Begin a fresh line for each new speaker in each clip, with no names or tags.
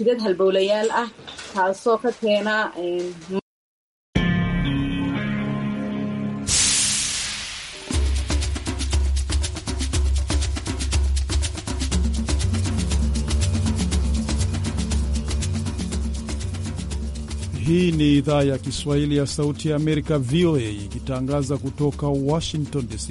jidad halbowlayaal ah taasoo ka keena
Hii ni idhaa ya Kiswahili ya Sauti ya Amerika, VOA, ikitangaza kutoka Washington DC.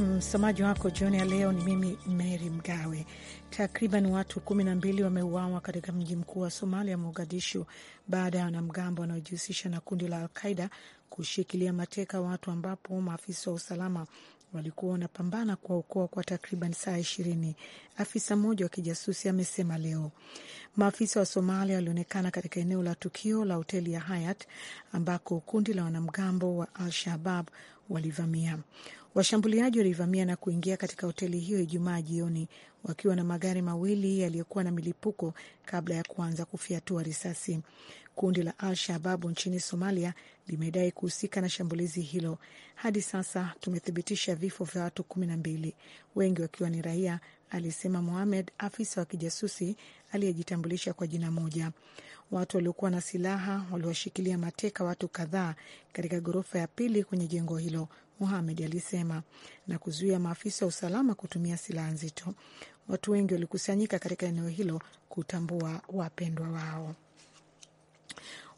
Msomaji wako jioni ya leo ni mimi Mary Mgawe. Takriban watu kumi na mbili wameuawa katika mji mkuu wa Somalia, Mogadishu, baada ya wanamgambo wanaojihusisha na kundi la Alqaida kushikilia mateka watu, ambapo maafisa wa usalama walikuwa wanapambana kuwaokoa kwa takriban saa ishirini, afisa mmoja wa kijasusi amesema leo. Maafisa wa Somalia walionekana katika eneo la tukio la hoteli ya Hayat ambako kundi la wanamgambo wa Al Shabab walivamia. Washambuliaji walivamia na kuingia katika hoteli hiyo Ijumaa jioni wakiwa na magari mawili yaliyokuwa na milipuko kabla ya kuanza kufyatua risasi. Kundi la Al Shababu nchini Somalia limedai kuhusika na shambulizi hilo. Hadi sasa tumethibitisha vifo vya watu kumi na mbili, wengi wakiwa ni raia, alisema Mohamed, afisa wa kijasusi aliyejitambulisha kwa jina moja. Watu waliokuwa na silaha waliwashikilia mateka watu kadhaa katika ghorofa ya pili kwenye jengo hilo Muhamed alisema na kuzuia maafisa wa usalama kutumia silaha nzito. Watu wengi walikusanyika katika eneo hilo kutambua wapendwa wao.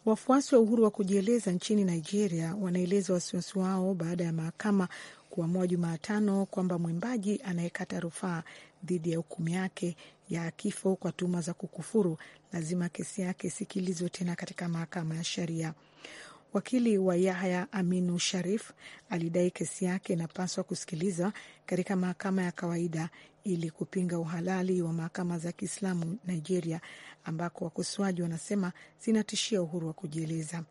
Wafuasi wa uhuru wa kujieleza nchini Nigeria wanaeleza wasiwasi wao baada ya mahakama kuamua Jumatano kwamba mwimbaji anayekata rufaa dhidi ya hukumu yake ya kifo kwa tuhuma za kukufuru lazima kesi yake isikilizwe tena katika mahakama ya sheria. Wakili wa Yahya Aminu Sharif alidai kesi yake inapaswa kusikilizwa katika mahakama ya kawaida ili kupinga uhalali wa mahakama za Kiislamu Nigeria, ambako wakosoaji wanasema zinatishia uhuru wa kujieleza.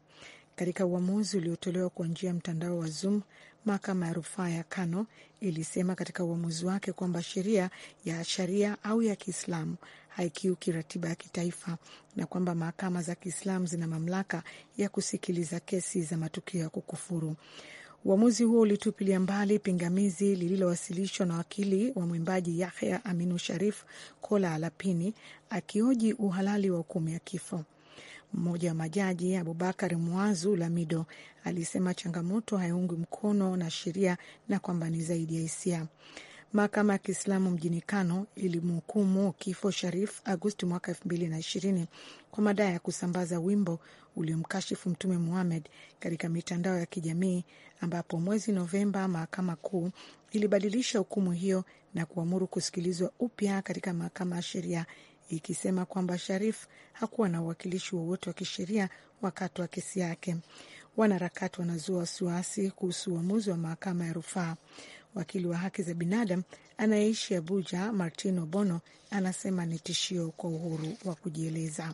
Katika uamuzi uliotolewa kwa njia ya mtandao wa Zoom, mahakama ya rufaa ya Kano ilisema katika uamuzi wake kwamba sheria ya sharia au ya Kiislamu haikiuki ratiba ya kitaifa na kwamba mahakama za Kiislamu zina mamlaka ya kusikiliza kesi za matukio ya kukufuru. Uamuzi huo ulitupilia mbali pingamizi lililowasilishwa na wakili wa mwimbaji Yahya Aminu Sharif Kola Alapini akioji uhalali wa hukumu ya kifo. Mmoja wa majaji Abubakar Mwazu Lamido alisema changamoto haiungwi mkono na sheria na kwamba ni zaidi ya hisia. Mahakama ya Kiislamu mjini Kano ilimhukumu kifo Sharif Agosti mwaka elfu mbili na ishirini kwa madai ya kusambaza wimbo uliomkashifu Mtume Muhammad katika mitandao ya kijamii, ambapo mwezi Novemba mahakama kuu ilibadilisha hukumu hiyo na kuamuru kusikilizwa upya katika mahakama ya sheria ikisema kwamba Sharif hakuwa na uwakilishi wowote wa kisheria wakati wa kesi yake. Wanaharakati wanazua wasiwasi kuhusu uamuzi wa mahakama ya rufaa wakili wa haki za binadamu anayeishi Abuja, Martino Bono, anasema ni tishio kwa uhuru wa kujieleza.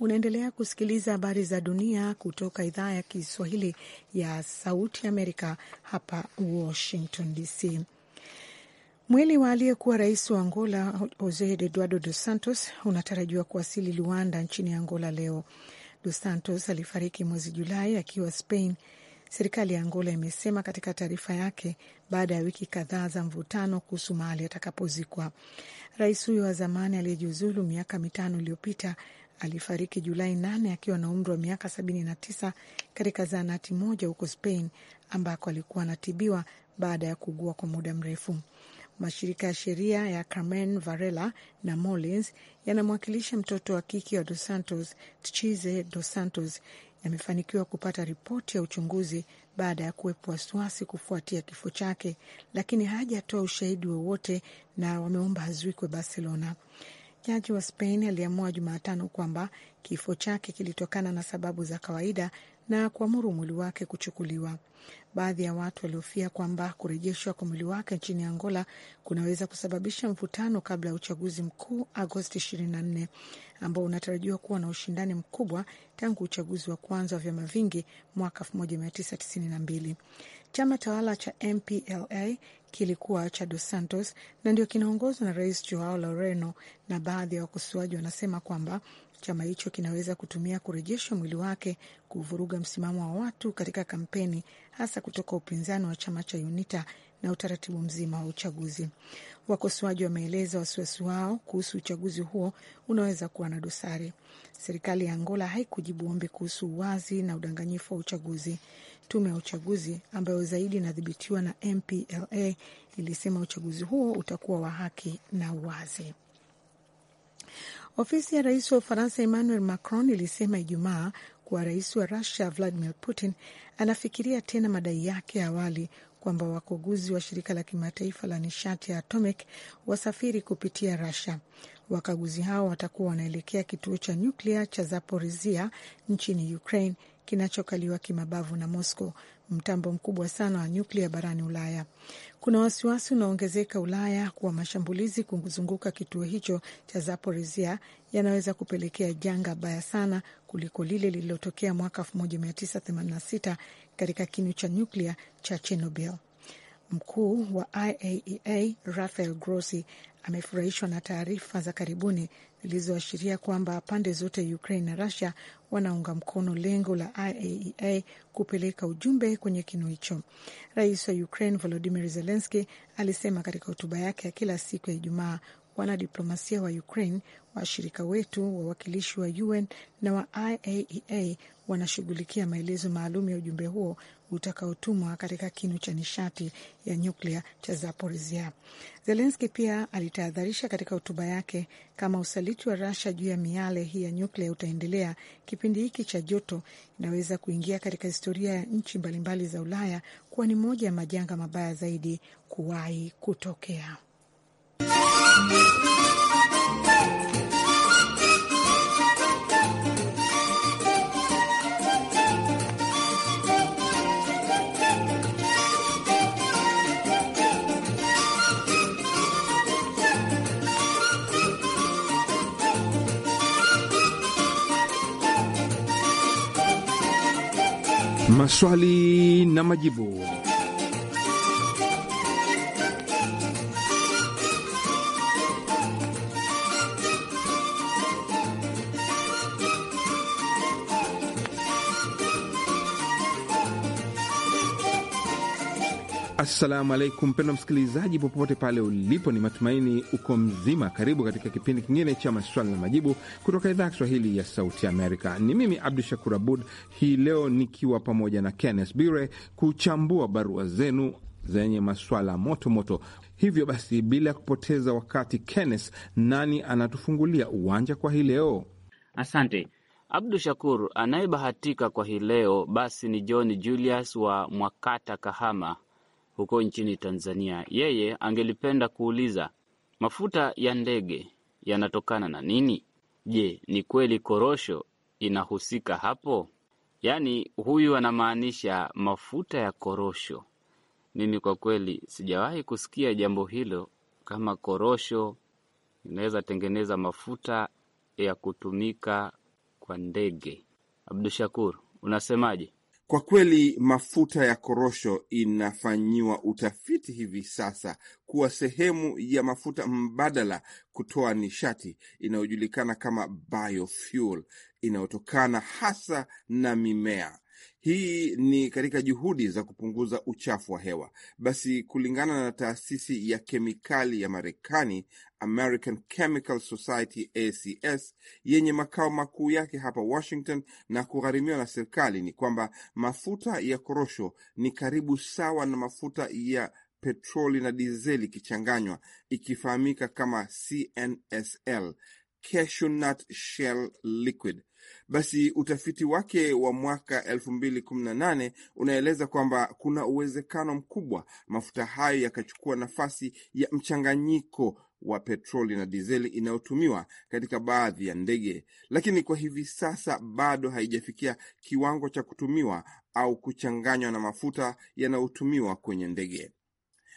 Unaendelea kusikiliza habari za dunia kutoka idhaa ya Kiswahili ya Sauti Amerika, hapa Washington DC. Mwili wa aliyekuwa rais wa Angola Jose Eduardo Dos Santos unatarajiwa kuwasili Luanda nchini Angola leo. Dos Santos alifariki mwezi Julai akiwa Spain serikali ya Angola imesema katika taarifa yake baada ya wiki kadhaa za mvutano kuhusu mahali atakapozikwa. Rais huyo wa zamani aliyejiuzulu miaka mitano iliyopita alifariki Julai 8 akiwa na umri wa miaka tisa katika zahanati moja huko Spain ambako alikuwa anatibiwa baada ya kuugua kwa muda mrefu. Mashirika ya sheria ya Carmen Varela na Molins yanamwakilisha mtoto wa kike wa Dos Santos, Tchize Dos Santos, amefanikiwa kupata ripoti ya uchunguzi baada ya kuwepo wasiwasi kufuatia kifo chake, lakini hajatoa ushahidi wowote na wameomba azuikwe Barcelona. Jaji wa Spain aliamua Jumatano kwamba kifo chake kilitokana na sababu za kawaida na kuamuru mwili wake kuchukuliwa. Baadhi ya watu walihofia kwamba kurejeshwa kwa mwili wake nchini Angola kunaweza kusababisha mvutano kabla ya uchaguzi mkuu Agosti 24 ambao unatarajiwa kuwa na ushindani mkubwa tangu uchaguzi wa kwanza wa vyama vingi mwaka 1992. Chama tawala cha MPLA kilikuwa cha Dos Santos na ndio kinaongozwa na Rais Joao loreno na baadhi ya wakosoaji wanasema kwamba chama hicho kinaweza kutumia kurejesha mwili wake kuvuruga msimamo wa watu katika kampeni, hasa kutoka upinzani wa chama cha UNITA na utaratibu mzima wa uchaguzi. Wakosoaji wameeleza wasiwasi wao kuhusu uchaguzi huo unaweza kuwa na dosari. Serikali ya Angola haikujibu ombi kuhusu uwazi na udanganyifu wa uchaguzi. Tume ya uchaguzi ambayo zaidi inadhibitiwa na MPLA ilisema uchaguzi huo utakuwa wa haki na uwazi. Ofisi ya rais wa Ufaransa Emmanuel Macron ilisema Ijumaa kuwa rais wa Rusia Vladimir Putin anafikiria tena madai yake awali kwamba wakaguzi wa shirika la kimataifa la nishati ya atomic wasafiri kupitia Rusia. Wakaguzi hao watakuwa wanaelekea kituo cha nyuklia cha zaporisia nchini Ukraine kinachokaliwa kimabavu na Moscow, mtambo mkubwa sana wa nyuklia barani Ulaya. Kuna wasiwasi unaoongezeka Ulaya kuwa mashambulizi kuzunguka kituo hicho cha Zaporizhia yanaweza kupelekea janga baya sana kuliko lile lililotokea mwaka 1986 katika kinu cha nyuklia cha Chernobyl. Mkuu wa IAEA e Rafael Grossi amefurahishwa na taarifa za karibuni zilizoashiria kwamba pande zote Ukraine na Russia wanaunga mkono lengo la IAEA e kupeleka ujumbe kwenye kinu hicho. Rais wa Ukraine Volodymyr Zelensky alisema katika hotuba yake ya kila siku ya Ijumaa wanadiplomasia wa Ukraine, washirika wetu, wawakilishi wa UN na wa IAEA e wanashughulikia maelezo maalum ya ujumbe huo utakaotumwa katika kinu cha nishati ya nyuklia cha Zaporizhia. Zelenski pia alitahadharisha katika hotuba yake kama usaliti wa Rasha juu ya miale hii ya nyuklia utaendelea, kipindi hiki cha joto inaweza kuingia katika historia ya nchi mbalimbali za Ulaya kuwa ni moja ya majanga mabaya zaidi kuwahi kutokea.
Maswali na majibu. Assalamu alaikum mpendwa msikilizaji, popote pale ulipo, ni matumaini uko mzima. Karibu katika kipindi kingine cha maswali na majibu kutoka idhaa ya Kiswahili ya Sauti Amerika. Ni mimi Abdu Shakur Abud, hii leo nikiwa pamoja na Kennes Bire kuchambua barua zenu zenye maswala moto moto. Hivyo basi, bila ya kupoteza wakati, Kennes, nani anatufungulia uwanja kwa hii leo? Asante
Abdu Shakur. Anayebahatika kwa hii leo basi ni John Julius wa Mwakata, Kahama huko nchini Tanzania. Yeye angelipenda kuuliza mafuta ya ndege yanatokana na nini? Je, ni kweli korosho inahusika hapo? Yaani huyu anamaanisha mafuta ya korosho. Mimi kwa kweli sijawahi kusikia jambo hilo, kama korosho inaweza tengeneza mafuta ya kutumika kwa ndege. abdu shakur unasemaje?
Kwa kweli mafuta ya korosho inafanyiwa utafiti hivi sasa kuwa sehemu ya mafuta mbadala kutoa nishati inayojulikana kama biofuel inayotokana hasa na mimea. Hii ni katika juhudi za kupunguza uchafu wa hewa. Basi kulingana na taasisi ya kemikali ya Marekani, American Chemical Society ACS, yenye makao makuu yake hapa Washington na kugharimiwa na serikali, ni kwamba mafuta ya korosho ni karibu sawa na mafuta ya petroli na dizeli ikichanganywa, ikifahamika kama CNSL cashew nut shell liquid. Basi utafiti wake wa mwaka elfu unaeleza kwamba kuna uwezekano mkubwa mafuta hayo yakachukua nafasi ya mchanganyiko wa petroli na dizeli inayotumiwa katika baadhi ya ndege, lakini kwa hivi sasa bado haijafikia kiwango cha kutumiwa au kuchanganywa na mafuta yanayotumiwa kwenye ndege.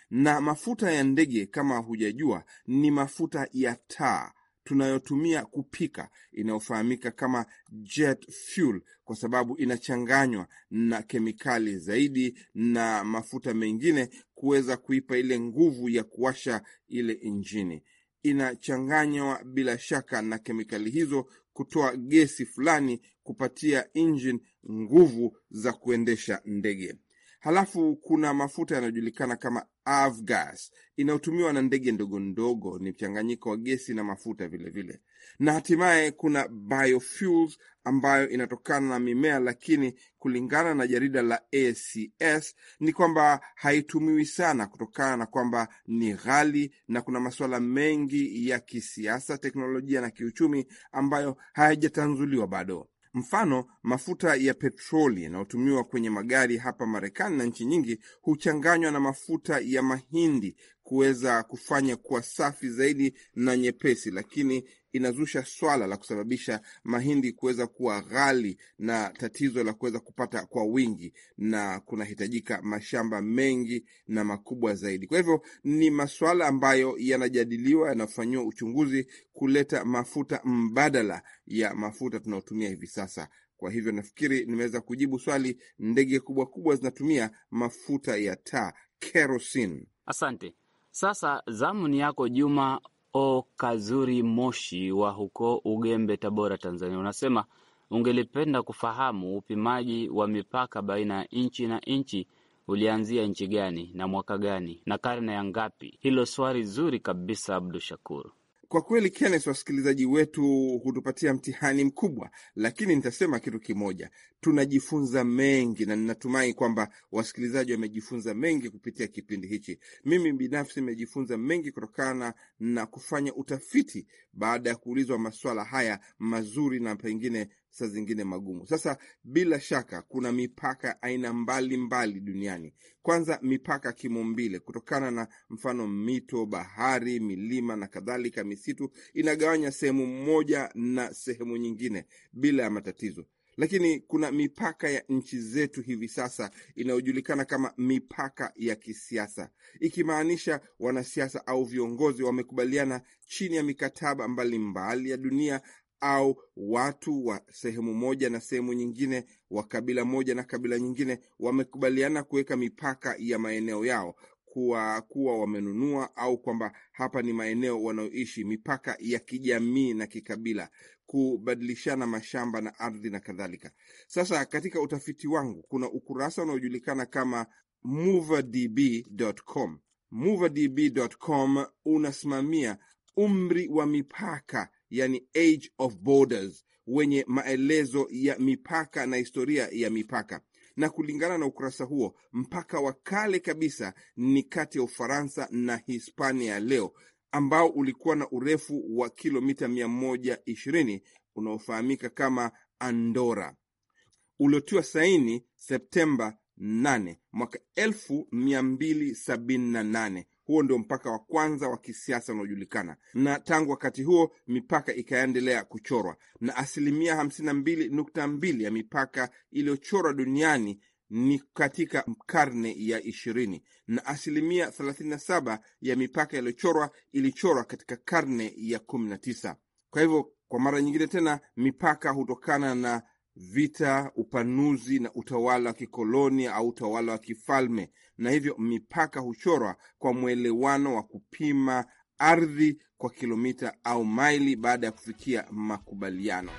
Na mafuta ya ndege, kama hujajua, ni mafuta ya taa tunayotumia kupika inayofahamika kama jet fuel kwa sababu inachanganywa na kemikali zaidi na mafuta mengine kuweza kuipa ile nguvu ya kuwasha ile injini. Inachanganywa bila shaka na kemikali hizo kutoa gesi fulani kupatia injini nguvu za kuendesha ndege. Halafu kuna mafuta yanayojulikana kama avgas inayotumiwa na ndege ndogo ndogo, ni mchanganyiko wa gesi na mafuta vilevile vile. Na hatimaye kuna biofuels ambayo inatokana na mimea, lakini kulingana na jarida la ACS ni kwamba haitumiwi sana kutokana na kwamba ni ghali na kuna masuala mengi ya kisiasa, teknolojia na kiuchumi ambayo hayajatanzuliwa bado. Mfano, mafuta ya petroli yanayotumiwa kwenye magari hapa Marekani na nchi nyingi huchanganywa na mafuta ya mahindi kuweza kufanya kuwa safi zaidi na nyepesi, lakini inazusha swala la kusababisha mahindi kuweza kuwa ghali na tatizo la kuweza kupata kwa wingi, na kunahitajika mashamba mengi na makubwa zaidi. Kwa hivyo ni masuala ambayo yanajadiliwa, yanafanyiwa uchunguzi kuleta mafuta mbadala ya mafuta tunayotumia hivi sasa. Kwa hivyo nafikiri nimeweza kujibu swali. Ndege kubwa kubwa zinatumia mafuta
ya taa kerosene. Asante. Sasa zamu ni yako Juma O Kazuri Moshi wa huko Ugembe, Tabora, Tanzania. Unasema ungelipenda kufahamu upimaji wa mipaka baina ya nchi na nchi ulianzia nchi gani na mwaka gani na karne ya ngapi? Hilo swali zuri kabisa, Abdu Shakur.
Kwa kweli, Kenneth, wasikilizaji wetu hutupatia mtihani mkubwa, lakini nitasema kitu kimoja, tunajifunza mengi, na ninatumai kwamba wasikilizaji wamejifunza mengi kupitia kipindi hichi. Mimi binafsi nimejifunza mengi kutokana na kufanya utafiti baada ya kuulizwa maswala haya mazuri na pengine saa zingine magumu. Sasa bila shaka kuna mipaka ya aina mbalimbali duniani. Kwanza mipaka kimumbile, kutokana na mfano mito, bahari, milima na kadhalika. Misitu inagawanya sehemu moja na sehemu nyingine bila ya matatizo lakini kuna mipaka ya nchi zetu hivi sasa inayojulikana kama mipaka ya kisiasa, ikimaanisha wanasiasa au viongozi wamekubaliana chini ya mikataba mbalimbali mbali ya dunia au watu wa sehemu moja na sehemu nyingine wa kabila moja na kabila nyingine wamekubaliana kuweka mipaka ya maeneo yao kuwa kuwa wamenunua au kwamba hapa ni maeneo wanayoishi, mipaka ya kijamii na kikabila, kubadilishana mashamba na ardhi na kadhalika. Sasa katika utafiti wangu kuna ukurasa unaojulikana kama moverdb.com. Moverdb.com unasimamia umri wa mipaka yani Age of Borders, wenye maelezo ya mipaka na historia ya mipaka. Na kulingana na ukurasa huo, mpaka wa kale kabisa ni kati ya Ufaransa na Hispania leo, ambao ulikuwa na urefu wa kilomita 120 unaofahamika kama Andora, uliotiwa saini Septemba 8 mwaka 1278 huo ndio mpaka wa kwanza wa kisiasa unaojulikana, na tangu wakati huo mipaka ikaendelea kuchorwa, na asilimia 52.2 mbili nukta mbili ya mipaka iliyochorwa duniani ni katika karne ya ishirini na asilimia 37 ya mipaka iliyochorwa ilichorwa katika karne ya kumi na tisa. Kwa hivyo kwa mara nyingine tena mipaka hutokana na vita, upanuzi na utawala wa kikoloni au utawala wa kifalme, na hivyo mipaka huchorwa kwa mwelewano wa kupima ardhi kwa kilomita au maili baada ya kufikia makubaliano.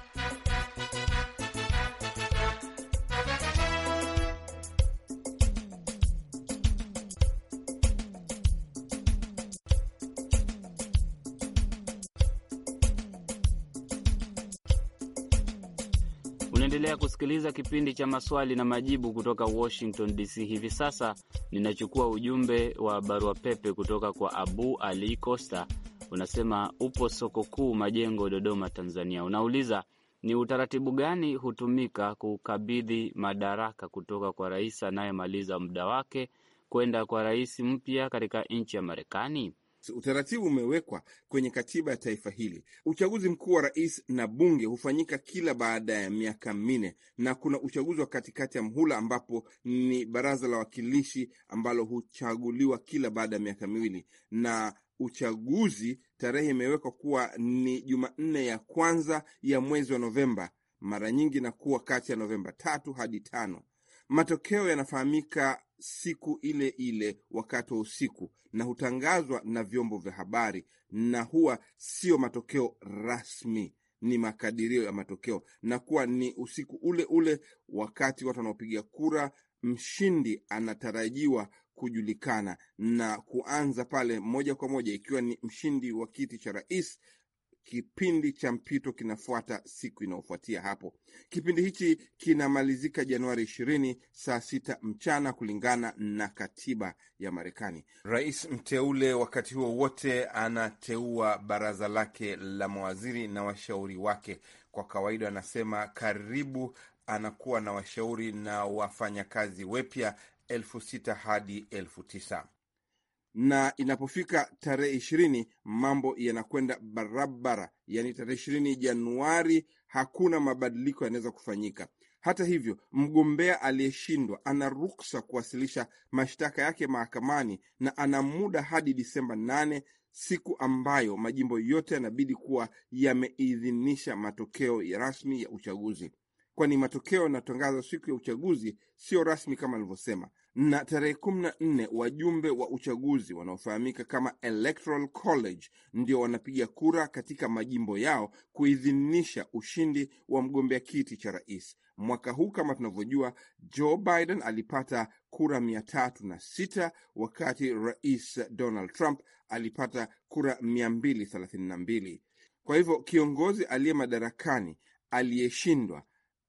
unasikiliza kipindi cha maswali na majibu kutoka Washington DC. Hivi sasa ninachukua ujumbe wa barua pepe kutoka kwa Abu Ali Costa. Unasema upo soko kuu Majengo, Dodoma, Tanzania. Unauliza ni utaratibu gani hutumika kukabidhi madaraka kutoka kwa rais anayemaliza muda wake kwenda kwa rais mpya katika nchi ya Marekani?
Utaratibu umewekwa kwenye katiba ya taifa hili. Uchaguzi mkuu wa rais na bunge hufanyika kila baada ya miaka minne, na kuna uchaguzi wa katikati ya mhula ambapo ni baraza la wawakilishi ambalo huchaguliwa kila baada ya miaka miwili, na uchaguzi tarehe imewekwa kuwa ni Jumanne ya kwanza ya mwezi wa Novemba, mara nyingi na kuwa kati ya Novemba tatu hadi tano. Matokeo yanafahamika siku ile ile wakati wa usiku na hutangazwa na vyombo vya habari, na huwa sio matokeo rasmi, ni makadirio ya matokeo, na kuwa ni usiku ule ule wakati watu wanaopiga kura, mshindi anatarajiwa kujulikana na kuanza pale moja kwa moja, ikiwa ni mshindi wa kiti cha rais Kipindi cha mpito kinafuata siku inayofuatia hapo. Kipindi hichi kinamalizika Januari ishirini saa sita mchana kulingana na katiba ya Marekani. Rais mteule wakati huo wote anateua baraza lake la mawaziri na washauri wake. Kwa kawaida anasema karibu anakuwa na washauri na wafanyakazi wepya elfu sita hadi elfu tisa na inapofika tarehe ishirini mambo yanakwenda barabara. Yaani tarehe ishirini Januari hakuna mabadiliko yanaweza kufanyika. Hata hivyo, mgombea aliyeshindwa ana ruksa kuwasilisha mashtaka yake mahakamani na ana muda hadi Disemba nane, siku ambayo majimbo yote yanabidi kuwa yameidhinisha matokeo ya rasmi ya uchaguzi, kwani matokeo yanatangazwa siku ya uchaguzi sio rasmi kama alivyosema na tarehe kumi na nne wajumbe wa uchaguzi wanaofahamika kama Electoral College ndio wanapiga kura katika majimbo yao kuidhinisha ushindi wa mgombea kiti cha rais. Mwaka huu kama tunavyojua, Joe Biden alipata kura mia tatu na sita wakati rais Donald Trump alipata kura mia mbili thelathini na mbili. Kwa hivyo kiongozi aliye madarakani aliyeshindwa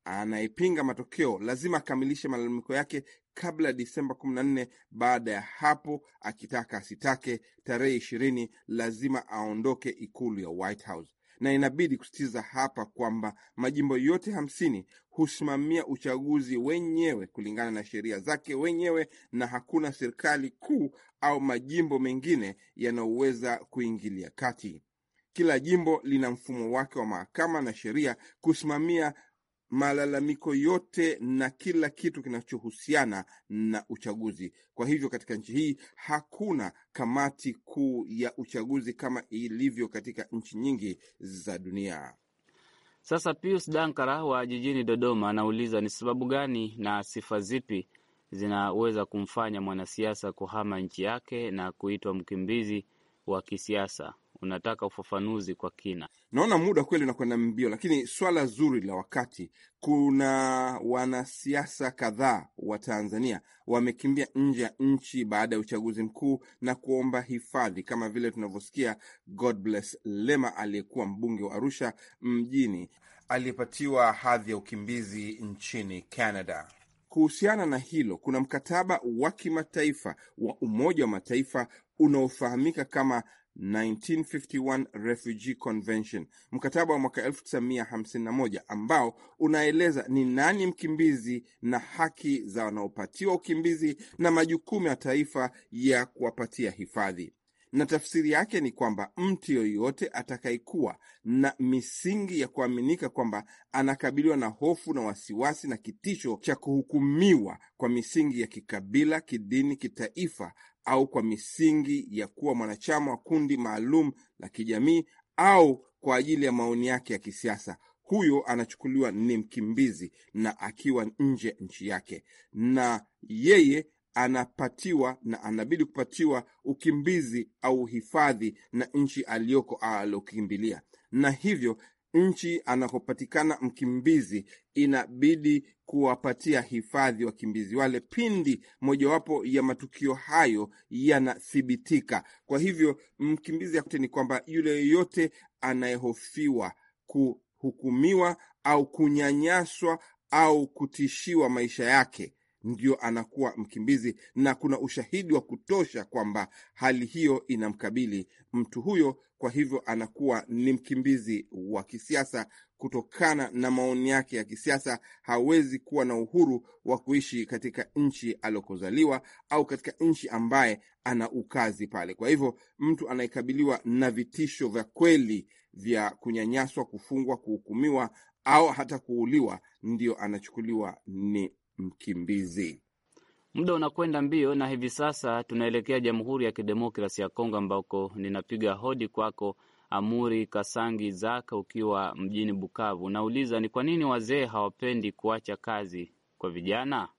anayepinga matokeo lazima akamilishe malalamiko yake kabla ya Disemba 14. Baada ya hapo, akitaka asitake, tarehe ishirini lazima aondoke ikulu ya White House na inabidi kusitiza hapa kwamba majimbo yote hamsini husimamia uchaguzi wenyewe kulingana na sheria zake wenyewe, na hakuna serikali kuu au majimbo mengine yanayoweza kuingilia kati. Kila jimbo lina mfumo wake wa mahakama na sheria kusimamia malalamiko yote na kila kitu kinachohusiana na uchaguzi. Kwa hivyo katika nchi hii hakuna kamati kuu ya uchaguzi kama ilivyo katika
nchi nyingi za dunia. Sasa Pius Dankara wa jijini Dodoma anauliza ni sababu gani na sifa zipi zinaweza kumfanya mwanasiasa kuhama nchi yake na kuitwa mkimbizi wa kisiasa? unataka ufafanuzi kwa kina.
Naona muda kweli unakwenda mbio, lakini swala zuri la wakati. Kuna wanasiasa kadhaa wa Tanzania wamekimbia nje ya nchi baada ya uchaguzi mkuu na kuomba hifadhi, kama vile tunavyosikia Godbless Lema aliyekuwa mbunge wa Arusha mjini aliyepatiwa hadhi ya ukimbizi nchini Canada. Kuhusiana na hilo, kuna mkataba wa kimataifa wa Umoja wa Mataifa unaofahamika kama 1951 Refugee Convention, mkataba wa mwaka 1951 ambao unaeleza ni nani mkimbizi na haki za wanaopatiwa ukimbizi na majukumu ya taifa ya kuwapatia hifadhi. Na tafsiri yake ni kwamba mtu yoyote atakayekuwa na misingi ya kuaminika kwamba anakabiliwa na hofu na wasiwasi na kitisho cha kuhukumiwa kwa misingi ya kikabila, kidini, kitaifa au kwa misingi ya kuwa mwanachama wa kundi maalum la kijamii au kwa ajili ya maoni yake ya kisiasa, huyo anachukuliwa ni mkimbizi na akiwa nje nchi yake, na yeye anapatiwa na anabidi kupatiwa ukimbizi au hifadhi na nchi aliyoko alokimbilia, na hivyo nchi anakopatikana mkimbizi inabidi kuwapatia hifadhi wakimbizi wale pindi mojawapo ya matukio hayo yanathibitika. Kwa hivyo mkimbizi yote ni kwamba yule yeyote anayehofiwa kuhukumiwa au kunyanyaswa au kutishiwa maisha yake ndio anakuwa mkimbizi, na kuna ushahidi wa kutosha kwamba hali hiyo inamkabili mtu huyo. Kwa hivyo anakuwa ni mkimbizi wa kisiasa kutokana na maoni yake ya kisiasa. Hawezi kuwa na uhuru wa kuishi katika nchi aliokozaliwa au katika nchi ambaye ana ukazi pale. Kwa hivyo mtu anayekabiliwa na vitisho vya kweli vya kunyanyaswa, kufungwa, kuhukumiwa au hata kuuliwa, ndio anachukuliwa ni mkimbizi.
Muda unakwenda mbio, na hivi sasa tunaelekea Jamhuri ya Kidemokrasi ya Kongo ambako ninapiga hodi kwako Amuri Kasangi Zaka, ukiwa mjini Bukavu. Nauliza, ni kwa nini wazee hawapendi kuacha kazi kwa vijana?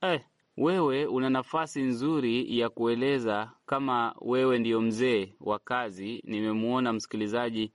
Eh, wewe una nafasi nzuri ya kueleza kama wewe ndiyo mzee wa kazi. Nimemwona msikilizaji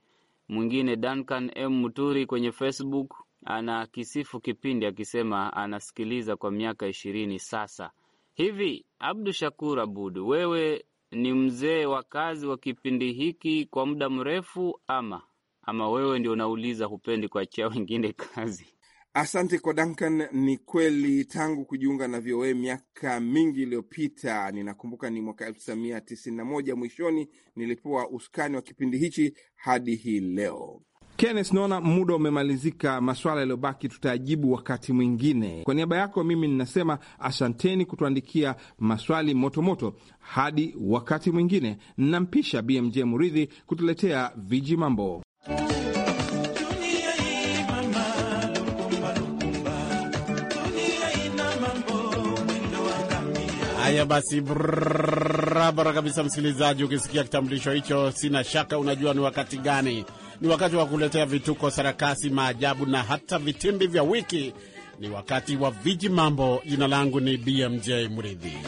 mwingine Duncan M Muturi kwenye Facebook anakisifu kipindi akisema anasikiliza kwa miaka ishirini sasa hivi. Abdu Shakur Abud, wewe ni mzee wa kazi wa kipindi hiki kwa muda mrefu, ama ama wewe ndio unauliza, hupendi kuachia wengine kazi? Asante kwa
Duncan. Ni kweli tangu kujiunga na VOA miaka mingi iliyopita, ninakumbuka ni mwaka 1991 mwishoni, nilipewa usukani wa kipindi hichi hadi hii leo. Kenneth, naona muda umemalizika. Maswala yaliyobaki tutayajibu wakati mwingine. Kwa niaba yako mimi ninasema asanteni kutuandikia maswali motomoto moto. Hadi wakati mwingine, nampisha BMJ Muridhi kutuletea viji mambo.
Haya basi, barabara kabisa, msikilizaji. Ukisikia kitambulisho hicho, sina shaka unajua ni wakati gani ni wakati wa kuletea vituko, sarakasi, maajabu na hata vitimbi vya wiki. Ni wakati wa viji mambo. Jina langu ni BMJ Mridhi.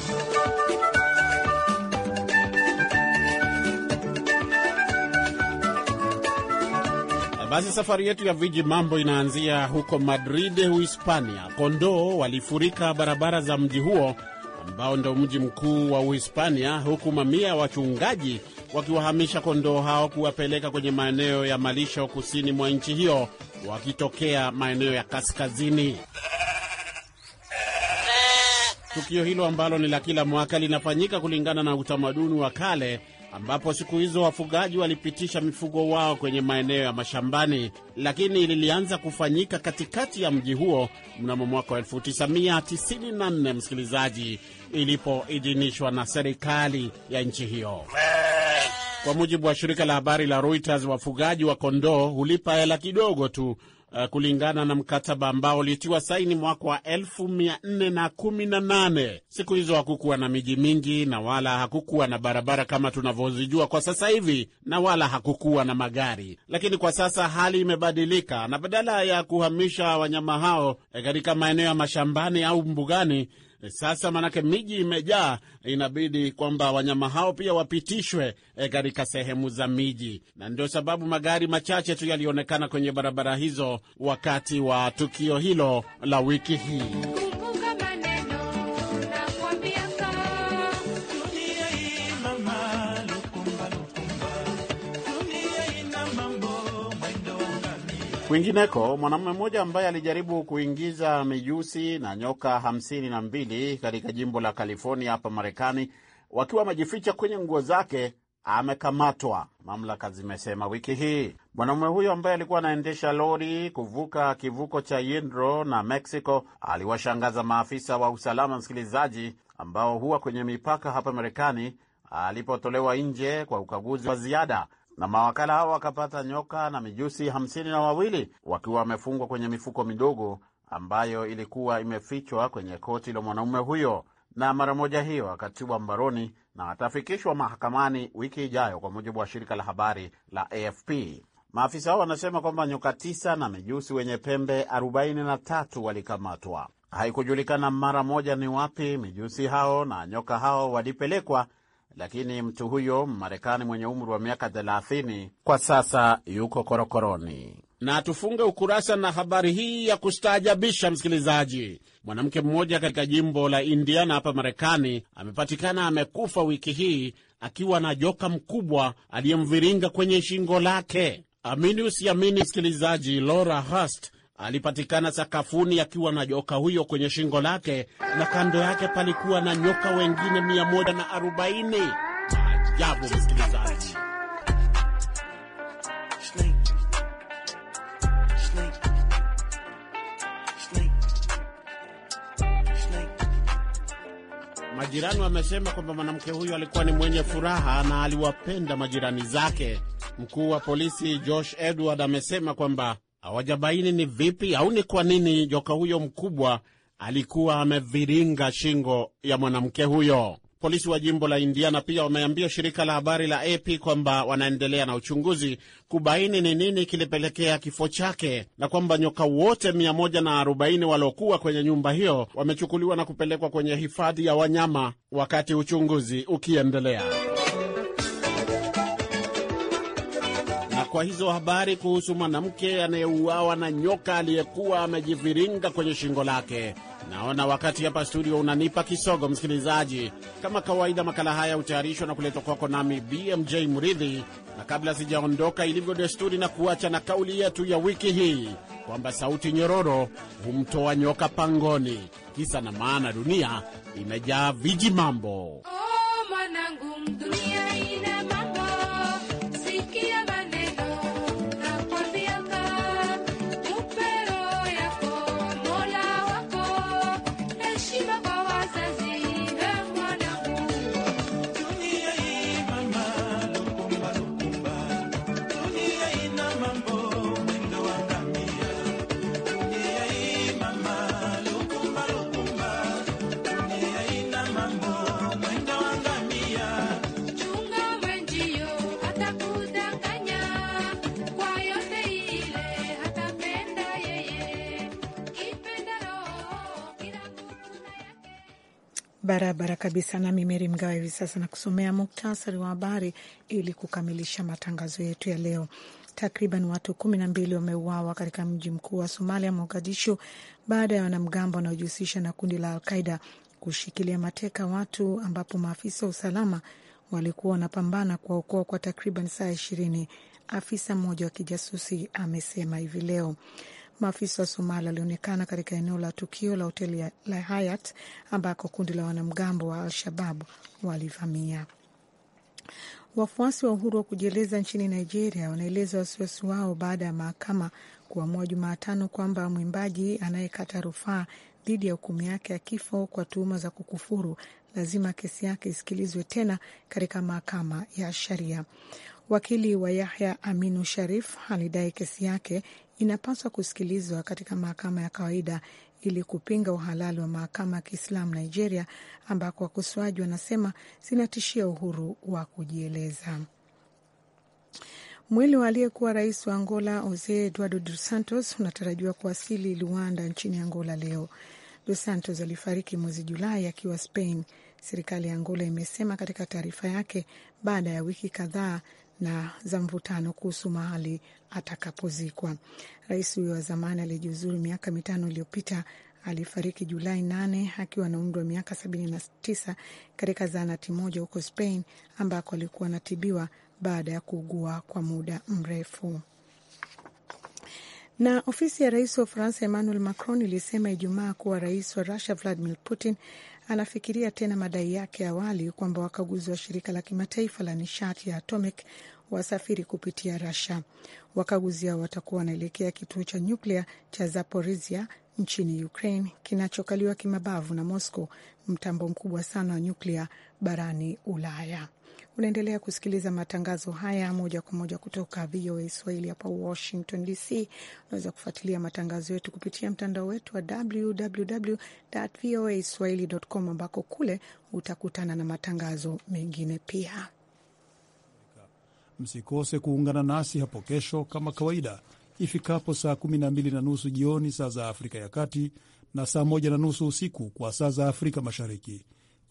Basi safari yetu ya viji mambo inaanzia huko Madrid, Uhispania. Kondoo walifurika barabara za mji huo ambao ndo mji mkuu wa Uhispania, huku mamia ya wachungaji wakiwahamisha kondoo hao kuwapeleka kwenye maeneo ya malisho kusini mwa nchi hiyo wakitokea maeneo ya kaskazini. Tukio hilo ambalo ni la kila mwaka linafanyika kulingana na utamaduni wa kale ambapo siku hizo wafugaji walipitisha mifugo wao kwenye maeneo ya mashambani, lakini lilianza kufanyika katikati ya mji huo mnamo mwaka 1994, msikilizaji, ilipoidhinishwa na serikali ya nchi hiyo. Kwa mujibu wa shirika la habari la Reuters, wafugaji wa kondoo hulipa hela kidogo tu uh, kulingana na mkataba ambao ulitiwa saini mwaka wa 1418. Siku hizo hakukuwa na miji mingi na wala hakukuwa na barabara kama tunavyozijua kwa sasa hivi, na wala hakukuwa na magari. Lakini kwa sasa hali imebadilika, na badala ya kuhamisha wanyama hao eh, katika maeneo ya mashambani au mbugani E, sasa, maanake miji imejaa, inabidi kwamba wanyama hao pia wapitishwe e, katika sehemu za miji, na ndio sababu magari machache tu yalionekana kwenye barabara hizo wakati wa tukio hilo la wiki hii. Kwingineko, mwanamume mmoja ambaye alijaribu kuingiza mijusi na nyoka hamsini na mbili katika jimbo la California hapa Marekani wakiwa wamejificha kwenye nguo zake amekamatwa, mamlaka zimesema wiki hii. Mwanamume huyo ambaye alikuwa anaendesha lori kuvuka kivuko cha Yindro na Mexico aliwashangaza maafisa wa usalama, msikilizaji, ambao huwa kwenye mipaka hapa Marekani, alipotolewa nje kwa ukaguzi wa ziada na mawakala hao wakapata nyoka na mijusi hamsini na wawili wakiwa wamefungwa kwenye mifuko midogo ambayo ilikuwa imefichwa kwenye koti la mwanaume huyo, na mara moja hiyo akatiwa mbaroni na atafikishwa mahakamani wiki ijayo, kwa mujibu wa shirika la habari la AFP. Maafisa hao wanasema kwamba nyoka tisa na mijusi wenye pembe 43 walikamatwa. Haikujulikana mara moja ni wapi mijusi hao na nyoka hao walipelekwa lakini mtu huyo Marekani mwenye umri wa miaka 30 kwa sasa yuko korokoroni. Na tufunge ukurasa na habari hii ya kustaajabisha, msikilizaji. Mwanamke mmoja katika jimbo la Indiana hapa Marekani amepatikana amekufa wiki hii akiwa na joka mkubwa aliyemviringa kwenye shingo lake. Amini usiamini, msikilizaji, Laura Hurst alipatikana sakafuni akiwa na joka huyo kwenye shingo lake, na kando yake palikuwa na nyoka wengine 140. Maajabu, msikilizaji. Majirani wamesema kwamba mwanamke huyo alikuwa ni mwenye furaha na aliwapenda majirani zake. Mkuu wa polisi Josh Edward amesema kwamba hawajabaini ni vipi au ni kwa nini joka huyo mkubwa alikuwa ameviringa shingo ya mwanamke huyo. Polisi wa jimbo la Indiana pia wameambia shirika la habari la AP kwamba wanaendelea na uchunguzi kubaini ni nini kilipelekea kifo chake na kwamba nyoka wote 140 waliokuwa kwenye nyumba hiyo wamechukuliwa na kupelekwa kwenye hifadhi ya wanyama wakati uchunguzi ukiendelea. kwa hizo habari kuhusu mwanamke anayeuawa na nyoka aliyekuwa amejiviringa kwenye shingo lake. Naona wakati hapa studio unanipa kisogo, msikilizaji. Kama kawaida, makala haya hutayarishwa na kuletwa kwako nami BMJ Muridhi, na kabla sijaondoka, ilivyo desturi, na kuacha na kauli yetu ya wiki hii kwamba sauti nyororo humtoa nyoka pangoni. Kisa na maana, dunia imejaa viji mambo.
Oh, mwanangu, dunia
Barabara kabisa. Nami Meri mgawa hivi sasa na kusomea muktasari wa habari ili kukamilisha matangazo yetu ya leo. Takriban watu kumi na mbili wameuawa katika mji mkuu wa Somalia, Mogadishu, baada ya wanamgambo wanaojihusisha na kundi la Alqaida kushikilia mateka watu, ambapo maafisa wa usalama walikuwa wanapambana kuwaokoa kwa takriban saa ishirini. Afisa mmoja wa kijasusi amesema hivi leo. Maafisa wa Somali walionekana katika eneo la tukio la hoteli la Hayat ambako kundi la wanamgambo wa al shabab walivamia. Wafuasi wa uhuru wa kujieleza nchini Nigeria wanaeleza wasiwasi wao baada ya mahakama kuamua Jumatano kwamba mwimbaji anayekata rufaa dhidi ya hukumu yake ya kifo kwa tuhuma za kukufuru lazima kesi yake isikilizwe tena katika mahakama ya sharia. Wakili wa Yahya Aminu Sharif alidai kesi yake inapaswa kusikilizwa katika mahakama ya kawaida ili kupinga uhalali wa mahakama ya Kiislamu Nigeria, ambako wakosoaji wanasema zinatishia uhuru wa kujieleza. Mwili wa aliyekuwa rais wa Angola Jose Eduardo Dos Santos unatarajiwa kuwasili Luanda nchini Angola leo. Dos Santos alifariki mwezi Julai akiwa Spain, serikali ya Angola imesema katika taarifa yake, baada ya wiki kadhaa na za mvutano kuhusu mahali atakapozikwa. Rais huyo wa zamani aliyejiuzuru miaka mitano iliyopita alifariki Julai nane akiwa na umri wa miaka tisa katika zahanati moja huko Spain ambako alikuwa anatibiwa baada ya kuugua kwa muda mrefu. Na ofisi ya rais wa Ufaransa Emmanuel Macron ilisema Ijumaa kuwa rais wa Rusia Vladimir Putin anafikiria tena madai yake awali kwamba wakaguzi wa shirika la kimataifa la nishati ya atomic wasafiri kupitia Russia. Wakaguzi hao watakuwa wanaelekea kituo cha nyuklia cha Zaporizhia nchini Ukraine kinachokaliwa kimabavu na Moscow, mtambo mkubwa sana wa nyuklia barani Ulaya. Unaendelea kusikiliza matangazo haya moja kwa moja kutoka VOA Swahili hapa Washington DC. Unaweza kufuatilia matangazo yetu kupitia mtandao wetu wa www voa swahili.com, ambako kule utakutana na matangazo mengine pia.
Msikose kuungana nasi hapo kesho kama kawaida ifikapo saa 12 na nusu jioni saa za Afrika ya Kati na saa 1 na nusu usiku kwa saa za Afrika Mashariki.